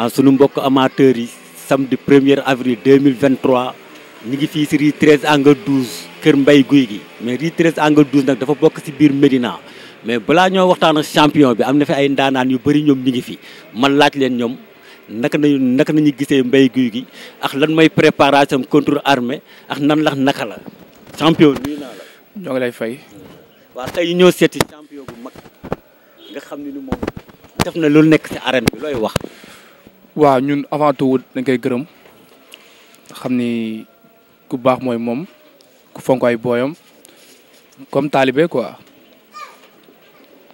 ah sunu mbokk amateurs yi samedi premier avril 2023 ñu ngi fii si rue 13 angle douze kër Mbay Guy gi mais rue 13 angle 12 nag dafa bokk si biir Médina mais balaa ñoo waxtaan ak champion bi am na fi ay ndaanaan yu bëri ñoom ñu ngi fi man laaj leen ñoom naka nañu naka nañu gisee Mbay Guy gi ak lan mooy préparation contre armée ak nan lax naka la champion nuyu naa la. ñoo ngi lay fay. waaw tey ñoo seeti champion bu mag nga xam ne ni moom def na loolu nekk si arène bi looy wax. waaw ñun avant tout dañ koy gërëm xam ni ku baax mooy moom ku fonk ay booyam comme taalibe quoi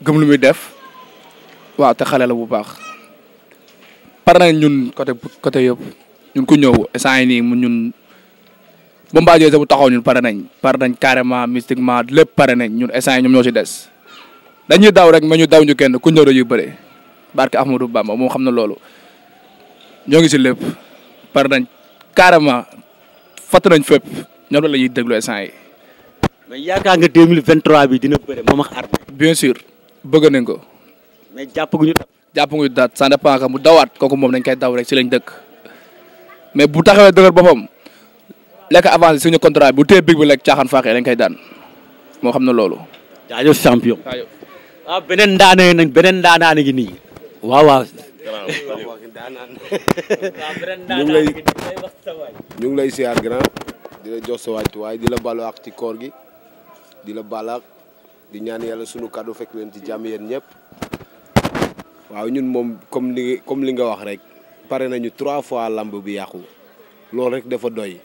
gëm lu muy def waaw te xale la bu baax. pare nañ ñun côté côté yëpp ñun ku ñëw instant nii mu ñun ba Mbaye sa bu taxaw ñun pare nañ pare nañ carrément mystiquement lépp pare nañ ñun instant yii ñoom ñoo ci des. dañuy daaw rek ma ñu daaw ñu kenn ku bare dañuy bëre barke Ahmadou Bamba moom xam na loolu. ñoo ngi si lépp par nañ carrément fàtt nañ fépp ñoom la ñuy déglu instant yi. mais nga 2023 bi dina bëre moom ak Armé. bien sûr bëgg nañ ko. mais jàpp jàppaguñu. jàppaguñu daat ça dépend que mu dawaat kooku moom dañ koy daw rek si lañ dëkk mais bu taxawee dëgër boppam lekk avancé suñu contrat bu téye big bi lekk caaxaan faaxee dañ koy daan moo xam ne loolu. jaajëf champion. waaw ah, beneen ndaanee nañ beneen ndaanaa ngi nii. waaw waaw. ñu ngi lay ñu ngi lay siyaar grand di la jox sa waay di la baalu ak ci koor gi dina la baalaak di ñaan yàlla sunu kàddu fekk leen ci jàmm yéen ñëpp waaw ñun moom comme li comme li nga wax rek pare nañu trois fois làmb bi yàqu loolu rek dafa doy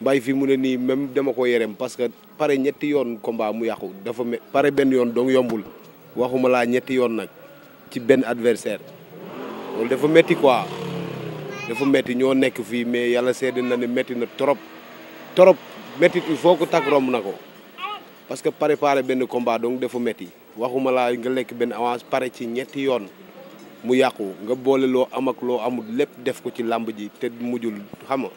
mbay fi mu ne nii même dama ko yërëm parce que pare ñetti yoon combat mu yàqu dafa me pare benn yoon dong yombul waxuma laa ñetti yoon nag ci benn adversaire loolu dafa metti quoi dafa metti ñoo nekk fii mais yàlla sedd na ne metti na trop trop metti foo ko que tak romb na ko parce que préparer benn combat donc dafa metti waxuma laa nga lekk benn avance pare ci ñetti yoon mu yàqu nga boole loo am loo amul lépp def ko ci làmb ji te mujjul xam nga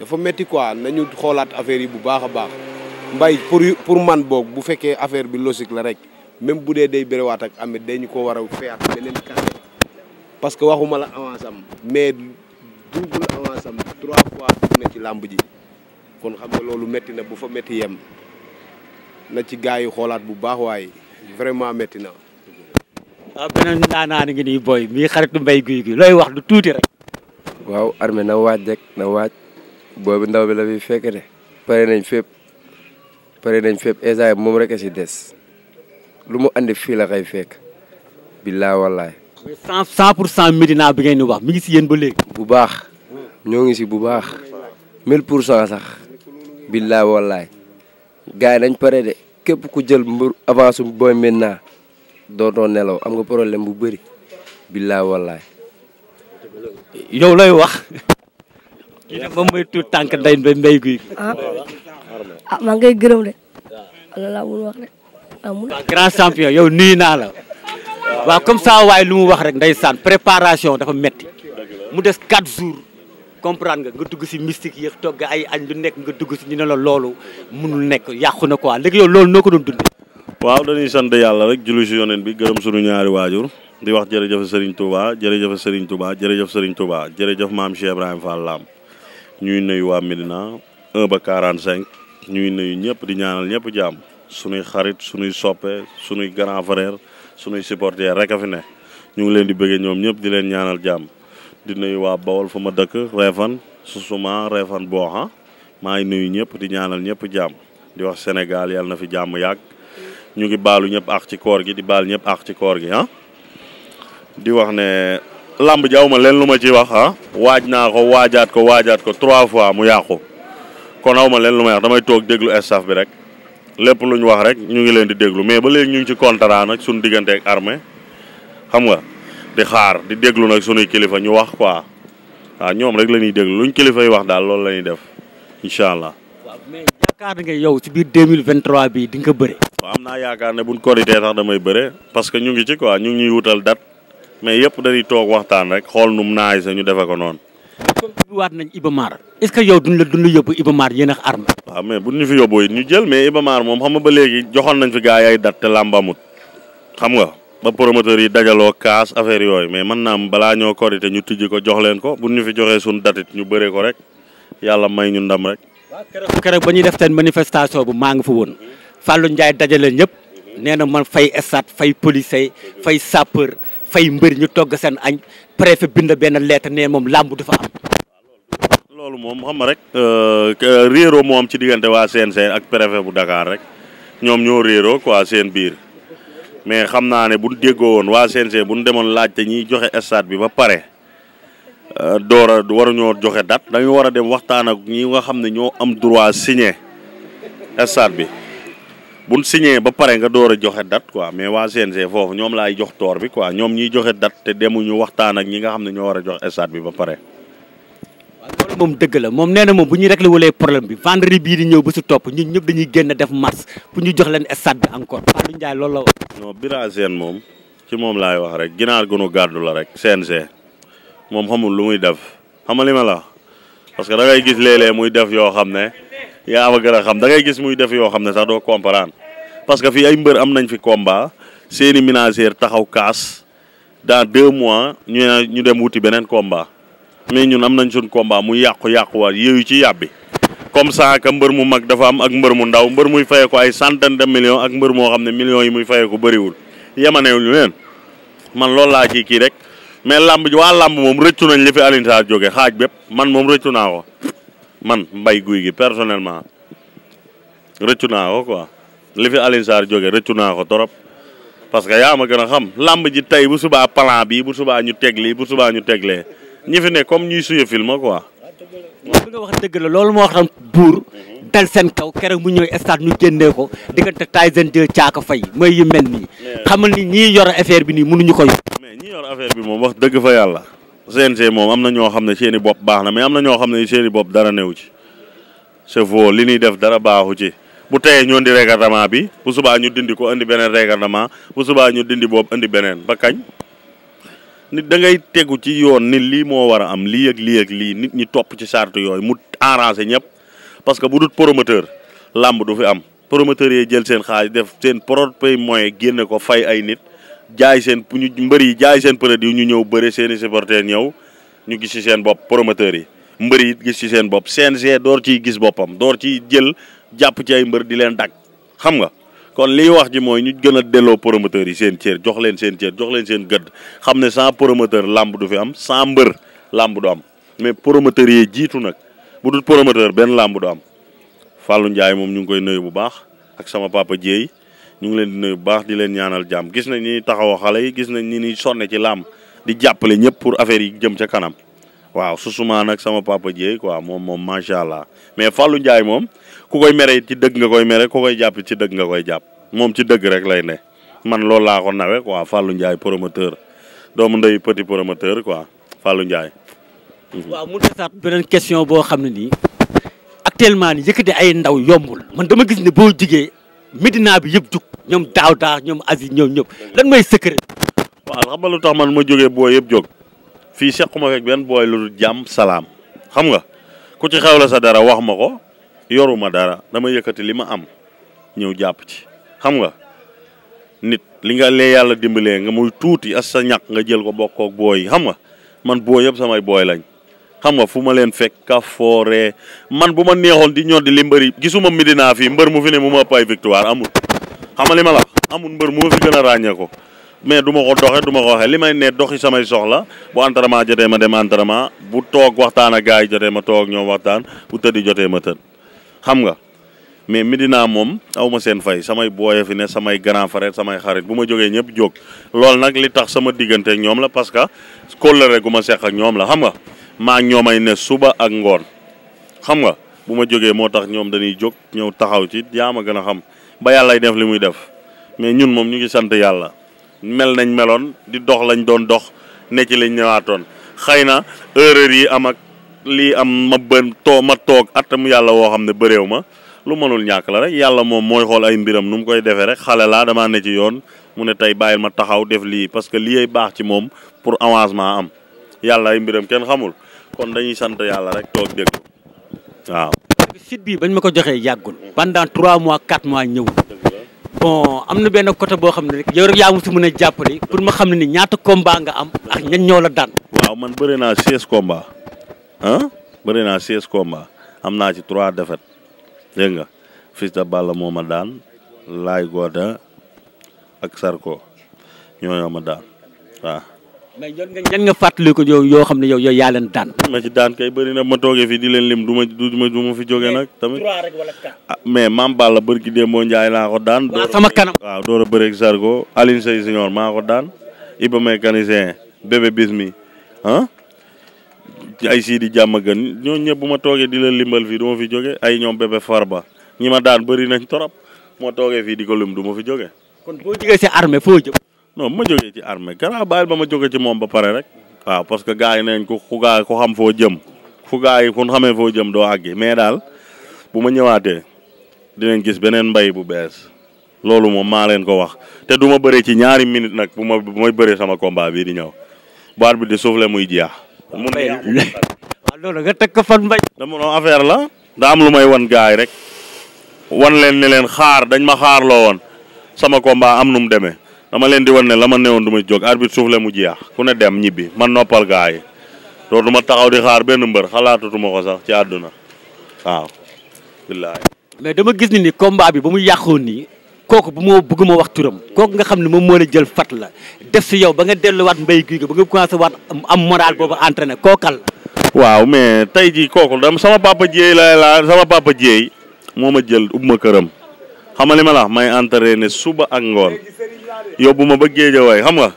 dafa metti quoi nañu xoolaat affaire yi bu baax a baax mbay pour pour man boog bu fekkee affaire bi logique la rek même bu dee day bëriwaat ak amit dañu ko war a feyaat beneen kàddu parce que waxuma la avance am mais double avance trois fois dugg na ci làmb ji kon xam nga loolu métti na bu fa metti yem na ci gars yi xoolaat bu baax waaye vraiment métti na. waaw ah, beneen ndaanaan ngi nii booy mii xaritu mbay guy gi looy wax lu tuuti rek. waaw armé na waaj rek na waaj boobu ndaw bi la fi fekk de pare nañ fépp pare nañ fépp esaay moom rek a si des lu mu andi fii la fekk billaa wallaay cent cent pour cent Médina bi ngeen di wax mi ngi si yéen ba léegi. bu baax ñoo ngi si bu baax mille pour cent sax billaay wallaay gars yi dañ pare de képp ku jël mbër avance booy doo dootoo nelaw am nga problème bu bëri billaay wallaay. yow lay wax. kii nag tànk nday mbay guy. ah ah maa gërëm de. waaw loolu wax de amul. grand champion yow nuyu naa la. waaw comme ça waaye lu mu wax rek ndeysaan préparation dafa metti mu des 4 jours comprendre nga nga dugg si mystique yëpp togg ay añ lu nekk nga dugg si ñu ne la loolu mënul nekk yàqu na quoi léegi yow loolu noo ko doon dund. waaw dañuy sant yàlla rek julli si yoneen bi gërëm suñu ñaari waajur di wax jërëjëf Serigne Touba jërëjëf Serigne Touba jërëjëf Serigne Touba jërëjëf maam Cheikh Ibrahima Fall Lam ñuy nuyu waa Medina 1 ba 45 ñuy nuyu ñëpp di ñaanal ñëpp jàmm suñuy xarit suñuy soppe suñuy grand frère. sunuy supporters rek a fi ne ñu ngi leen di bëggee ñoom ñëpp di leen ñaanal jàmm di nuyu waa Bawol fu ma dëkk Réfane Sousouma Réfane Booxa ah. maa ngi nuyu ñëpp di ñaanal ñëpp jàmm di wax Sénégal yàlla na fi jàmm yàgg ñu ngi baalu ñëpp ak ci koor gi di baal ñëpp ak ci koor gi ah di wax ne làmb ji aw leen lu ma ci wax ah waaj naa ko waajaat ko waajaat ko trois fois mu yàqu kon aw ma leen lu ma wax damay toog déglu staff bi rek lépp lu ñu wax rek ñu ngi leen di déglu mais ba léegi ñu ngi ci contrat nag suñu diggante ak xam nga di xaar di déglu nag sunuy kilifa ñu wax quoi waaw ñoom rek la ñuy déglu luñ kilifa yi wax daal loolu la ñuy def incha allah. waaw mais yaakaar nga yow ci biir 2023 bii di nga bëre. waaw am naa yaakaar ne buñ koritee sax damay bëre parce que ñu ngi ci quoi ñu ngi ñuy wutal date mais yëpp dañuy toog waxtaan rek xool nu mu naay sa ñu defe ko noonu. comme ubbiwaat nañ Iba Mar est-ce que yow duñ la duñ la yóbbu Iba Mar yéen ak arme waaw mais bu ñu fi yóbboo ñu jël mais Iba Mar moom xam nga ba léegi joxoon nañ fi gaa yaay dat te làmbamut xam nga ba promoteur yi dajaloo kaas affaire yooyu mais man naam balaa ñoo korite ñu tijji ko jox leen ko bu ñu fi joxee suñ datit ñu bare ko rek yàlla may ñu ndam rek waaw keroog keroog ba ñuy def seen manifestation bu maa ngi fa woon Fallou Ndiaye dajale ñëpp nee na man fay estat fay policier fay sapeur fay mbër ñu togg seen añ préfet bind benn lettre ne moom làmb du fa am. loolu moom xam nga rek euh, réeroo moo am ci diggante waa CNG ak préfet bu dakaar rek ñoom ñoo réeroo waa seen biir mais xam naa ne bu déggoo woon waa CNG bu ñu demoon laajte ñiy joxe stade bi ba pare euh, door a waruñoo joxe date dañu war a dem waxtaan ak ñi nga xam ne ñoo am droit signé stade bi. bu buñ signé ba pare nga door a joxe dat quoi mais waa CNG foofu ñoom laay jox toor bi quoi ñoom ñuy joxe date te demuñu waxtaan ak ñi nga xam ne ñoo war a jox stade bi ba pare. waaw moom dëgg la moom nee na moom bu ñu réglé wulee problème bi vendredi bii di ñëw ba si topp ñun ñëpp dañuy génn def mars bu ñu jox leen stade bi encore Fallou Ndiaye loolu la wax. non Bira Sène moom ci moom laay wax rek ginaar gënu gàddu la rek. CNG moom xamul lu muy def xamali ma la parce que da ngay gis léeg-léeg def yoo xam ne. yaa ma gën a xam da ngay gis muy def yoo xam ne sax doo comprendre parce que fii ay mbër am nañ fi combat seeni ménagère taxaw kaas dans deux mois ñu ñu dem wuti beneen combat. mais ñun am nañ suñ combat mu yàqu-yàquwaat yàqu yooyu ci yàbbi comme ça mbër mu mag dafa am ak mbër mu ndaw mbër muy fayee ko ay centaine de millions ak mbër moo xam ne million yi muy fayee ko bëriwul yemanewuñu leen man loolu laa ciy kii rek mais làmb ji waa làmb moom rëccu nañ li fi Alioune xaaj bépp man moom rëccu naa ko man mbay guy gi personnellement rëccu naa ko quoi li fi Alioune jóge rëccu naa ko trop parce que yaa a gën a xam làmb ji tey bu subaa plan bi bu subaa ñu teg lii bu subaa ñu teglee ñi fi ne comme ñuy suye film quoi. moom bi nga wax dëgg la loolu moo wax tam buur dal seen kaw keroog mu ñëw stade ñu génnee ko diggante Tyson 2 caaka fay mooy yu mel nii xamal ni ñii yor affaire bi nii mënuñu ko yor. mais ñii yor affaire bi moom wax dëgg fa yàlla. CNG moom am na ñoo xam ne seen i bopp baax na mais am na ñoo xam ne seeni i bopp dara newu ci c'est faux li ñuy def dara baaxu ci bu teyee ñoon di règlement bi bu subaa ñu dindi ko indi beneen règlement bu subaa ñu dindi boobu indi beneen ba kañ nit da ngay tegu ci yoon ni lii moo war a am lii ak lii ak lii nit ñi topp ci charte yooyu mu arrangé ñëpp parce que bu dul promoteur làmb du fi am promoteur yee jël seen xaalis def seen propre moyen génne ko fay ay nit jaay seen ñu mbër yi jaay seen produit ñu ñëw bëre seeni i supporters ñëw ñu gis ci seen bopp promoteurs yi mbër yi gis ci seen bopp CNG door ciy gis boppam door ciy jël jàpp ci ay mbër di leen dagg xam nga kon liy wax ji mooy ñu gën a delloo promoteurs yi seen cër jox leen seen cër jox leen seen gëdd xam ne sans promoteur làmb du fi am saa mbër làmb du am mais promoteurs yi jiitu nag bu dul promoteur benn làmb du am Fallou Ndiaye moom ñu ngi koy nuyu bu baax ak sama papa Dieye ñu ngi leen di nuyu bu baax di leen ñaanal jàmm gis na ni taxaw xale yi gis nañ ni ñuy sonne ci làmb di jàppale ñëpp pour affaire yi jëm ca kanam waaw susuma nag sama papa Dieye quoi moom moom macha allah mais Fallou njaay moom ku koy mere ci dëgg nga koy mere ku koy jàpp ci dëgg nga koy jàpp moom ci dëgg rek lay ne man loolu laa ko nawe quoi Fallou Ndiaye promoteur doomu ndey petit promoteur quoi Fallou Ndiaye. Mhm. waaw mu desaat beneen question boo xam ne nii actuellement nii yëkkati ay ndaw yombul man dama gis ne boo jigee Médina bi yëpp jug ñoom daaw daaw ñoom asi ñoom ñëpp lan mooy secret. waaw xam nga lu tax man ma jógee booy yëpp jóg fii sequma fekk benn booy lu jàmm salaam xam nga ku ci xewle sa dara wax ma ko yoruma dara dama yëkkati li ma am ñëw jàpp ci xam nga nit li nga lee yàlla dimbalee nga muy tuuti as sa ñàkk nga jël ko bokkook booy yi xam nga man booy yëpp samay booy lañ. xam nga fu ma leen fekk ka foore man bu ma neexoon di ñor di li mbëri gisuma Medina fii mbër mu fi ne mu ma pay victoire amul xama li ma la amul mbër mu fi gën a ràññee ko mais du ma ko doxe duma ko waxee li may ne doxi samay soxla bu entraînement jotee ma dem entraînement bu toog waxtaan a gars yi jotee ma toog ñoom waxtaan bu tëddi jotee ma tëdd xam nga mais Medina moom aw ma seen fay samay booye fi ne samay grand frère samay xarit bu ma jógee ñëpp jóg loolu nag li tax sama diggante ñoom la parce que kóllëre gu ma seq ak ñoom la xam nga maa ñoomay ne suba ak ngoon xam nga bu ma jógee moo tax ñoom dañuy jóg ñëw taxaw ci yaam a gën a xam ba yàllay def li muy def mais ñun moom ñu ngi sant yàlla mel nañ meloon di dox lañ doon dox ne ci lañ ñëwaatoon xëy na erreur yi am ak lii am ma bën too ma toog atam yàlla woo xam ne bëréew ma lu mënul ñàkk la rek yàlla moom mooy xool ay mbiram nu mu koy defee rek xale laa damaa ne ci yoon mu ne tey bàyyil ma taxaw def lii parce que lii baax ci moom pour avancement am yàlla ay mbiram xamul kon dañuy sant yàlla rek toog déglu waaw. site bi bañ ma ko joxee yàggul. pendant trois mois quatre mois ñëwul. bon am na benn côté boo xam ne rek. yow rek yaa ngi si mën a jàppale pour ma xam ne ni ñaata combat nga am ak ñan ñoo la daan. waaw man bëri naa seize combat naa seize combat am naa ci trois défaites dégg nga de Balla moo ma daan Laay Goda ak Sarko ñoo ma daan waaw. mais jot nga ñan nga fàttaliku yow yoo xam ne yow yow yaa leen daan. ma ci daan kay bëri na ma toogee fi di leen lim du ma du ma du ma fi jógee nag. tamit trois ah, mais maam Balla bërki Demba Ndiaye laa daan. waaw sama kanam waaw door a bëreeg Sarko Alioune Seye Junior maa ko daan Iba mécanicien bébé bis mi ah. ay sii di jàmm gën ñoo ñëpp bu ma toogee di leen limbal fii du fi jóge ay ñoom bébé ba ñi ma daan bëri nañ torop moo toogee fii di ko lim du ma fi jóge kon boo jógee ci armée foo non ma jógee ci armée gannaaw bàyyil ba ma jóge ci moom ba pare rek waaw parce que gars yi nañ ko ku gaa xam foo jëm fu gars yi kun xamee foo jëm doo àggi mais daal bu ma ñëwaatee dinañ gis beneen mbay bu bees loolu moom maa leen ko wax te du ma bëree ci ñaari minute nag bu ma bu may bëree sama combat bii di ñëw baat bi di soufflé muy jeex. mu ne waaw loolu nga teg ka fan mbay. dama noo affaire la. daa am lu may wan gars yi rek. wan leen ne leen xaar dañ ma xaarloo woon sama kombaa am nu mu demee. dama leen di wan ne la ma newoon du ma jóg arbitre suuf la mu jeex ku ne dem ñibbi man noppal gaa yi dootu ma taxaw di xaar benn mbër xalaatatuma ko sax ci àdduna waaw billaay dama gis ni ni combat bi ba mu yàqoon nii kooku bu ma bëgg ma wax turam kooku nga xam ne moom moo la jël fat la def si yow ba nga delluwaat mbéy guy ba nga commencé waat am moral boobu entraîné kookal waaw mais tey jii kooku dam sama papa jéey la laa sama papa jéey moo ma jël ubbi ma këram xamali ma la may entraîné suba ak ngoon yóbbu ma ba géejawaay xam nga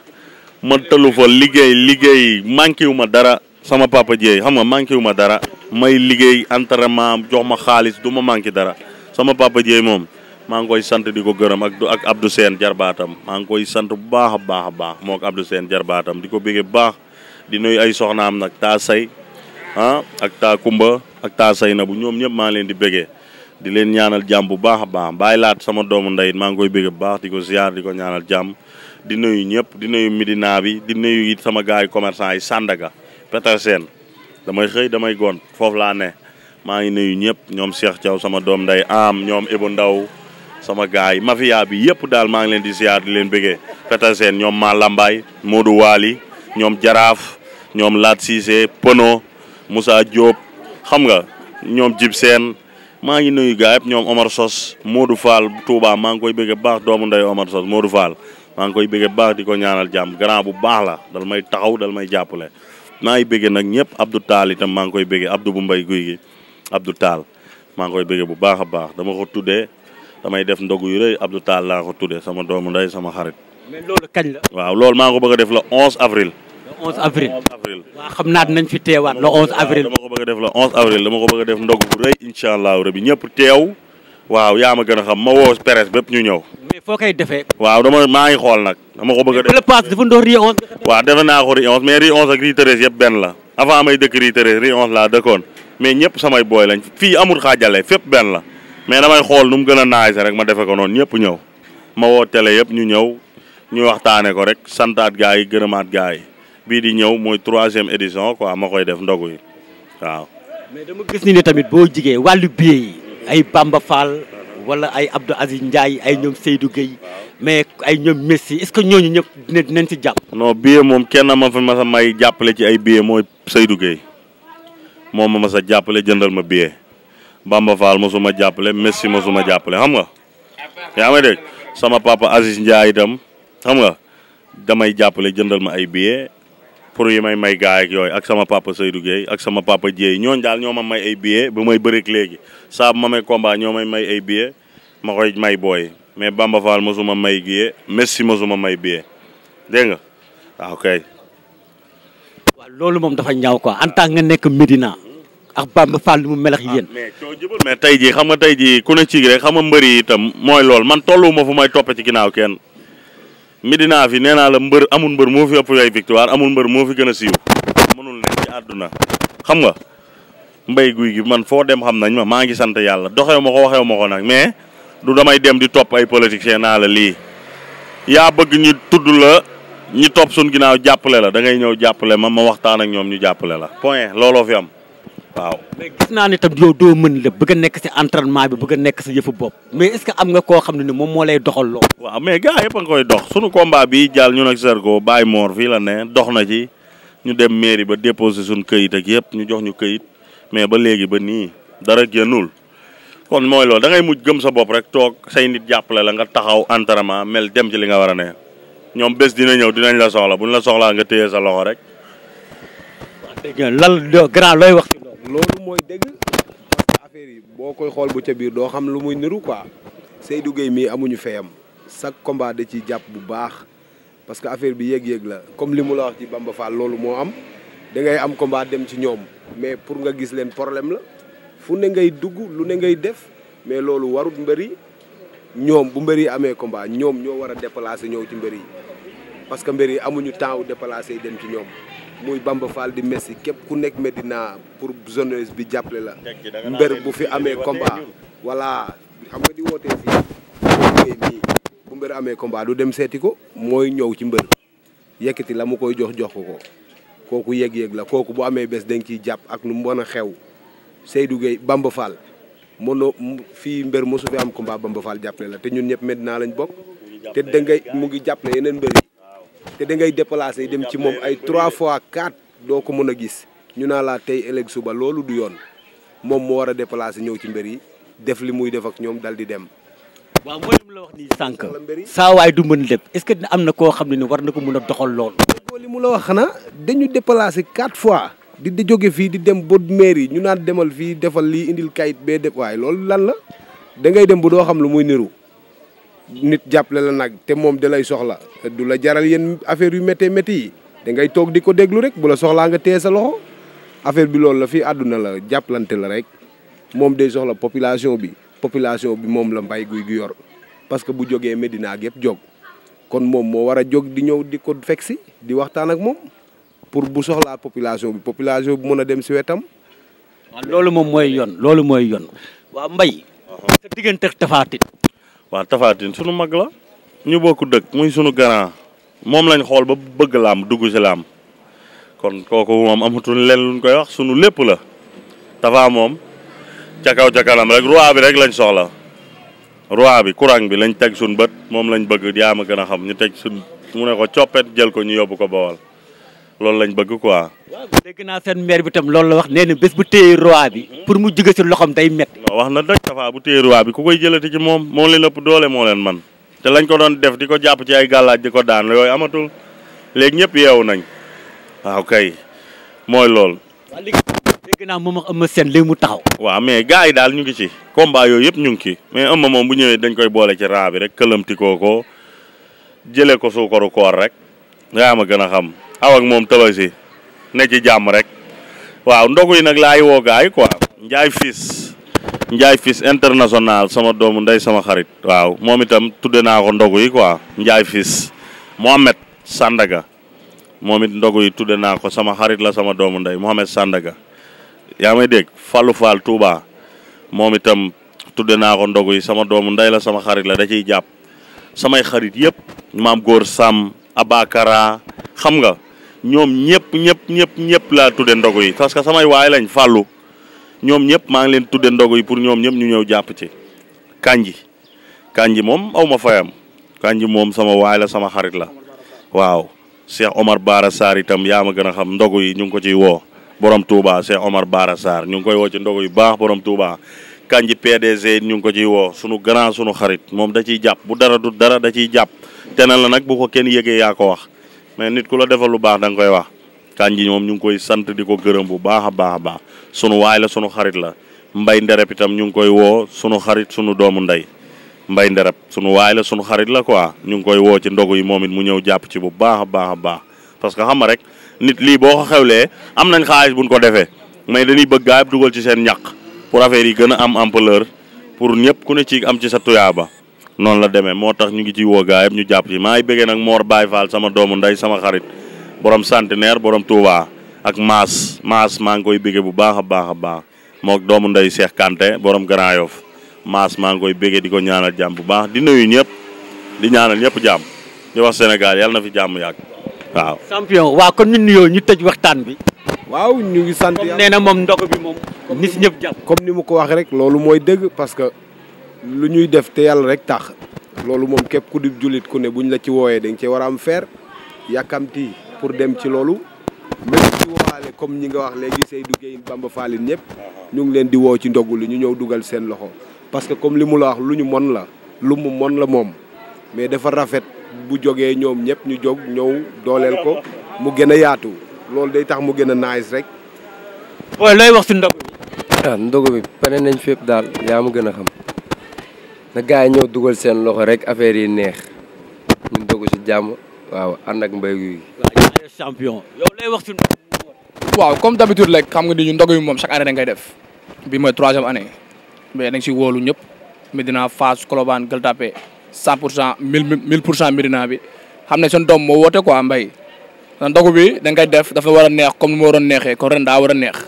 ma tëlu fa liggéey liggéey manqué wu ma dara sama papa jéey xam nga manqué wu ma dara may liggéey entraînement jox ma xaalis du ma manqué dara sama papa jéey moom maa ngi koy sant di ko gërëm ak ak Abdou Seen jarbaatam maa ngi koy sant bu baax a baax a baax moo ak Abdou Seen jarbaatam di ko béggee baax di nuyu ay soxna soxnaam nag taa say ah ak taa kumba ak taa say na bu ñoom ñëpp maa leen di béggee di leen ñaanal jàmm bu baax a baax bàyyi laat sama doomu ndey maa ngi koy bëgg bu baax di ko ziar di ko ñaanal jàmm di nuyu ñëpp di nuyu Medina bi di nuyu it sama gars yi commerçant yi Sandaga Petersen damay xëy damay gont foofu laa ne maa ngi nuyu ñëpp ñoom Cheikh Thiaw sama doom nday am ñoom Ibou Ndaw sama gars yi mafia bi yëpp daal maa ngi leen di ziar di leen bëggee Petersen ñoom maa Lambaay Modou Waly ñoom Jaraaf ñoom Laat Cissé Pono Moussa xam nga ñoom Jib Seen maa ngi nuyu gaa yëpp ñoom Omar Sos Modou Fall Touba maa ngi koy bëgg baax doomu nday Omar Sos Modou Fall maa ngi koy bëgg baax di ko ñaanal jàmm grand bu baax la dal may taxaw dal may jàppale maa ngi bëgg nag ñëpp Abdou Tall itam maa ngi koy bëgg Abdou bu mbay guy gi Abdou taal maa ngi koy bëgg bu baax a baax dama ko tuddee damay def ndog yu rëy Abdou Tall laa ko tuddee sama doomu nday sama xarit. kañ la. waaw loolu maa ngi ko bëgg a def la 11 avril. 11 avril waaw xam naa dinañ fi teewaat le 11 avril. dama ko bëgg a def le 11 avril dama ko bëgg a def ndog bu rëy incha allahu rabi ñëpp teew. waaw yaa ma gën a xam ma woo presse bépp ñu ñëw. mais foo koy defee. waaw dama maa ngi xool nag. dama ko bëgg a def le pass dafa ndoor ri 11. defe naa ko ri 11 mais ri 11 ak ri 13 benn la avant may dëkk ri laa dëkkoon mais ñëpp samay booy lañ fii amul xaajale fépp benn la mais damay xool nu mu gën a rek ma defe ko noonu ñëpp ñëw ma woo bii di ñëw mooy troisième édition quoi ma koy def ndogu yi waaw. mais dama gis ni ne tamit boo jigee wàllu billet yi ay Bamba Fall wala ay Abdou Aziz Ndiaye ay ñoom Seydou mais ay ñoom Messi est-ce que ñooñu ñëpp dina dinañ ci jàpp. non billet moom kenn ma fa ma sa may jàppale ci ay billet mooy Seydou moom ma ma sa jàppale jëndal ma billet Bamba Fall mosuma jàppale Messi mosuma jàppale xam nga. yaa may dégg sama papa Aziz Ndiaye itam xam nga damay jàppale jëndal ma ay billet. pour yi may may gaay ak yooyu ak sama papa Seydou Guèye ak sama papa Dieye ñooñ daal ñoo ma may ay billets ba may bëreeg léegi saa bu ma may combat ñoo may may ay billets ma koy may booy mais Bamba Fall mosuma may billet Messi mosuma may billet dégg nga ah, waaw loolu moom dafa ñaaw ko en tant nga nekk Medina ak Bamba Fall lu mu melax ah, yéen. mais coo jëbal mais tey jii xam nga tey jii ku ne ci rek xam nga mbëri itam mooy loolu man tolluwuma fu may toppe ci ginnaaw ken Médina fi nee naa la mbër amul mbër moo fi ëpp ay victoire amul mbër moo fi gën a siiw mënul ne ci àdduna xam nga mbay guy gi man foo dem xam nañ ma maa ngi sant yàlla doxew ma ko waxew ma ko nag mais du damay dem di topp ay politiciens naa la lii yaa bëgg ñu tudd la ñu topp suñ ginnaaw jàppale la da ngay ñëw jàppale ma ma waxtaan ak ñoom ñu jàppale la point looloo fi am waaw mais gis naa ne tam yow doo mën lépp bëgg a nekk si entraînement bi bëgg a nekk si yëfu bopp mais est am nga koo xam ne ni moom moo lay doxal lool. waaw mais gars yëpp a nga koy dox sunu combat bi jàll ñun ak Zarko Baye Mor fii la ne dox na ci ñu dem mairie ba déposé suñu këyit ak yëpp ñu jox ñu këyit mais ba léegi ba nii dara génnul kon mooy loolu da ngay gëm sa bopp rek toog say nit jàppale la nga taxaw entraînement mel dem ci li nga war a ne ñoom bés dina ñëw dinañ la soxla buñ la soxlaa nga téye rek. loolu mooy dëgg parce que yi boo koy xool bu ca biir doo xam lu muy niru quoi Seydou Gueye mii amuñu feyam chaque combat da ci jàpp bu baax parce que affaire bi yéeg-yéeg la comme li mu la wax ci Bamba Fall loolu moo am da ngay am combat dem ci ñoom mais pour nga gis leen problème la fu ne ngay dugg lu ne ngay def mais loolu warut mbëri ñoom bu mbëri amee combat ñoom ñoo war a déplacer ñëw ci mbëri yi parce que mbëri amuñu temps wu déplacer dem ci ñoom muy Bamba di Messi képp ku nekk Medina pour jeunesse bi jàppale la mbër bu fi amee combat voilà xam nga di wootee fii bu mbër amee combat du dem seeti ko mooy ñëw ci mbër yekkati la mu koy jox jox ko kooku yëg-yëg la kooku bu amee bés dañ ciy jàpp ak nu mu mën a xew Seydou Gueye Bamba Fall mënoo fii mbër mosu fi am combat Bamba Fall jàppale la te ñun ñëpp Medina lañ bokk te da ngay mu ngi jàppale yeneen mbër te da ngay déplacé dem ci moom ay trois fois quatre doo ko mën a gis ñu naa laa tey ëllëg suba loolu du yoon moom moo war a déplacé ñëw ci mbër yi def li muy def ak ñoom dal di dem. waaw mooy la wax nii sànq saa waay du mën lépp est-ce que dina am na koo xam ne ni war na ko mën a doxal loolu. li mu la wax na dañu déplacé quatre fois. di di jóge fii di dem ba yi ñu naan demal fii defal lii indil kayit bee def waaye loolu lan la da ngay dem bu doo xam lu muy niru. nit jàppale la nag te moom da lay soxla du la jaral yenn affaire yu méttee métti yi da ngay toog di ko déglu rek bu la soxlaa nga téye sa loxo affaire bi loolu la fii àdduna la jàppalante la rek moom day soxla population bi population bi moom la mbay guy gu yor parce que bu jógee Medina ak yëpp jóg kon moom moo war a jóg di ñëw di ko fekk si di waxtaan ak moom pour bu soxlaa population bi population bi mën a dem si wetam. waaw loolu moom mooy yoon loolu mooy yoon. waa mbay uh-huh. sa diggante ak Tapha Tine waa Tapha Tine sunu mag la ñu bokk dëkk muy sunu grand moom lañ xool ba bëgg làmb dugg ci làmb kon kooku moom amatuñ leen luñ koy wax sunu lépp la Tapha moom ca kaw ca kanam rek roi bi rek lañ soxla roi bi courant bi lañ teg suñ bët moom lañ bëgg yaa ma gën a xam ñu teg suñ mu ne ko coppet jël ko ñu yóbbu ko bawal loolu lañ bëgg ko quoi waaw dégg naa seen maire tam loolu la wax nee na bés bu téye roi bi mhm. pour mu jóge si loxoom day métti. wax na dëgg Tapha bu téye roi bi ku koy jëlati ci moom moom leen ëpp doole moo leen man te lañ ko doon def di ko jàpp ci ay gàllaaj di ko daan yooyu amatul léegi ñëpp yeewu nañ waaw kay mooy lool waaw naa moom ak Eumeu seen léegi mu taxaw. waa mais gars yi daal ñu ngi ci combat yooyu yëpp ñu ngi ci mais Eumeu moom bu ñëwee dañ koy boole ci raa bi rek këlëmti koo ko jëlee ko suukaru koor rek am a gën a xam aw ak moom tabaski ne ci jàmm rek waaw ndogu yi nag laay woo gaay quoi Ndiaye Fils Ndiaye Fils international sama doomu ndey sama xarit waaw moom itam tudde naa ko ndogu yi quoi Ndiaye Fils Mohamed sàndaga moom it ndogu yi tudde naa ko sama xarit la sama doomu ndey Mohamed Sandaga yaa may dégg Fallou Fall Touba moom itam tudde naa ko ndogu yi sama doomu ndey la sama xarit la da ciy jàpp samay xarit yëpp maam góor Sam Abakara xam nga ñoom ñëpp ñëpp ñëpp ñëpp laa tudde ndogu yi parce que samay waay lañu fàllu ñoom ñëpp maa ngi leen tudde ndogu yi pour ñoom ñëpp ñu ñëw jàpp ci kanji kanji moom aw ma fayam kanji moom sama waay la sama xarit la waaw Cheikh Omar baara Sarr yaa ma gën a xam ndogu yi ñu ngi ko ciy woo borom Touba Cheikh Omar Bara Sarr ñu ngi koy woo ci ndogu yu baax borom Touba kanji PDG ñu ngi ko ciy woo sunu grand sunu xarit moom da ciy jàpp bu dara du dara da ciy jàpp teneen la nag bu ko kenn yëgee yaa ko wax mais nit ku la defal lu baax danga koy wax Kandji moom ñu ngi koy sant di ko gërëm bu baax a baax a baax sunu waay la sunu xarit la mbay nderep itam ñu ngi koy woo sunu xarit sunu doomu ndey mbay nderep sunu waay la sunu xarit la quoi ñu ngi koy woo ci ndogu yi moom it mu ñëw jàpp ci bu baax a baax a baax parce que xam nga rek nit lii boo xewlee am nañ bu buñ ko defee mais dañuy bëgg gaay dugal ci seen ñàq pour affaire yi gën a am ampleur pour ñëpp ku ne ci am ci sa ba noonu la demee moo tax ñu ngi ci woo gaa yëpp ñu jàpp ci maa ngi bëggee nag Mor Baye Fall sama doomu ndey sama xarit borom centenaire borom Touba ak Maas maa ngi koy bëggee bu baax a baax a baax mook doomu ndey Cheikh Kanté borom Grand Yoff Maas maa ngi koy bëggee di ko ñaanal jàmm bu baax di nuyu ñëpp di ñaanal ñëpp jàmm di wax Sénégal yàlla na fi jàmm yàgg waaw. champion waaw kon ñun nuyoo ñu tëj waxtaan bi. waaw ñu ngi sant yàlla comme nee moom ndogu bi moom. ni mu lu ñuy def te yàlla rek tax loolu moom képp ku di jullit ku ne bu ñu la ci wooyee da nga cee war a am feer yàkkamti pour dem ci loolu même ci woowaale comme ñi nga wax léegi Seydou Guèye Bamba Fallin ñëpp ñu ngi leen di woo ci ndogu li ñu ñëw dugal seen loxo parce que comme li mu la wax lu ñu moon la lu mu mon la moom mais dafa rafet bu jógee ñoom ñëpp ñu jóg ñëw dooleel ko mu gën a yaatu loolu day tax mu gën a naaj rek. booy lay wax si ndogu bi. ah ndogu pare nañ fépp daal yaa ma gën a xam. na gars yi ñëw dugal seen loxo rek affaire yi neex ñu dogu si jàmm waaw ànd ak mbéy mi. waaw lay wax ci. comme d'habitude rek xam nga ni ñu ndogu yi moom chaque année dañ koy def bi mooy troisième année mais dañ si wóolu ñëpp Medina Fass Colobane Gueule Tapée cent pour cent mille mille pour cent Medina bi xam ne seen doom moo woote ko mbay na ndogu bi dañ koy def dafa war a neex comme ni mu waroon neexee ko ren daa war a neex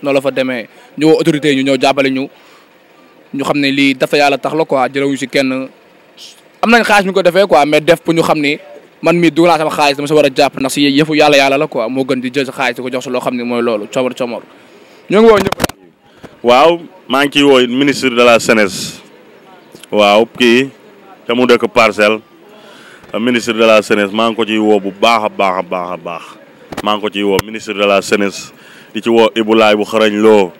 noonu la fa demee ñëw autorité ñu ñëw jàppale ñu. ñu xam ne lii dafa yàlla tax la quoi jëlewuñu si kenn am nañ xaalis ñu ko defee quoi mais def pour ñu xam ni man mii dugal naa sama xaalis dama sa war a jàpp ndax si yëfu yàlla yàlla la quoi moo gën di jël sa xaalis di ko jox sa loo xam ne mooy loolu comor comor ñoo ngi woo ñëpp waaw maa ngi ciy woo ministre de la jeunesse waaw kii te mu dëkk parcelle ministre de la jeunesse maa ngi ko ciy woo bu baax a baax a baax maa ngi ko ciy woow ministre de la jeunesse di ci woo Ibou Laye bu xarañ loo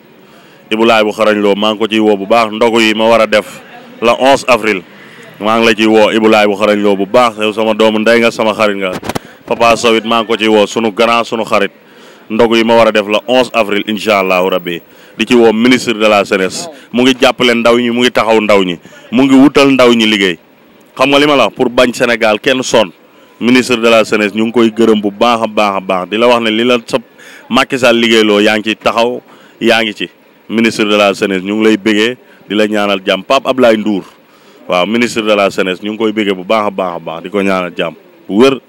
Ibou Laay bu xarañ loo maa ngi ko ciy woo bu baax ndogu yi ma war a def la 11 avril maa ngi la ciy woo Ibou Laay bu xarañ loo bu baax yow sama doomu ndey nga sama xarit nga Papa Sow maa ngi ko ciy woo sunu grand sunu xarit ndogu yi ma war a def la 11 avril incha allahu rabbi di ci woo ministre de la jeunesse mu ngi jàppale ndaw ñi mu ngi taxaw ndaw ñi mu ngi wutal ndaw ñi liggéey xam nga li ma la pour bañ Sénégal kenn sonn ministre de la jeunesse ñu ngi koy gërëm bu baax baax a baax di wax ne li la sa Macky liggéeyloo yaa ngi ci taxaw yaa ngi ci ministre de la jeunesse ñu ngi lay bëggee di la ñaanal jàmm Pape Ablaye Ndour waaw ministre de la jeunesse ñu ngi koy bëggee bu baax a baax a baax di ko ñaanal jàmm bu wër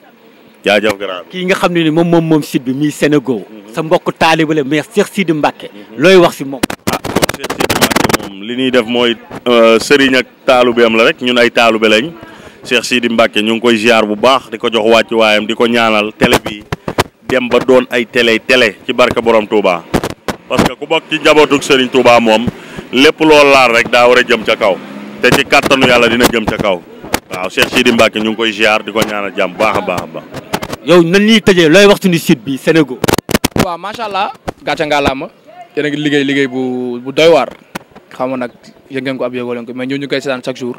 jaajëf grand kii nga xam ne ni moom moom moom site bi muy Sénégal sa mbokk taaliba la mais Cheikh di Mbacke looy wax si moom ah li ñuy def mooy euh, sëriñ ak taalubeem la rek ñun ay taalube lañ Cheikh Sidi Mbacke ñu ngi koy ziar bu baax di ko jox wàcc waayam di ko ñaanal télé bi dem ba doon ay télé ci barke borom Touba parce que ku bokk ci njabootug Serigne Touba moom lépp loolu laal rek daa war a jëm ca kaw te ci kattanu yàlla dina jëm ca kaw waaw Cheikh Sidi Mbacke ñu ngi koy ziar di ko ñaanal jàmm baax a baax a baax. yow nan ñuy tëjee looy ni a ngi liggéey liggéey bu bu doy waar xam nga nag yëg ngeen ko ab yëgoo leen ko mais ñoo ñu koy seetaan chaque jour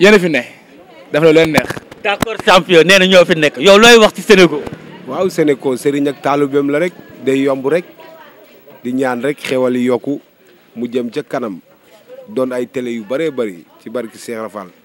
yéen fi ne daf la leen neex. d'accord champion nee na ñoo fi nekk yow looy wax ci Sénégal. waaw Sénégal sëriñ ak taalibeem la rek day yomb rek di ñaan rek xewal yokku mu jëm ca kanam doon ay télé yu bëree bëri ci barki Cheikh Rafal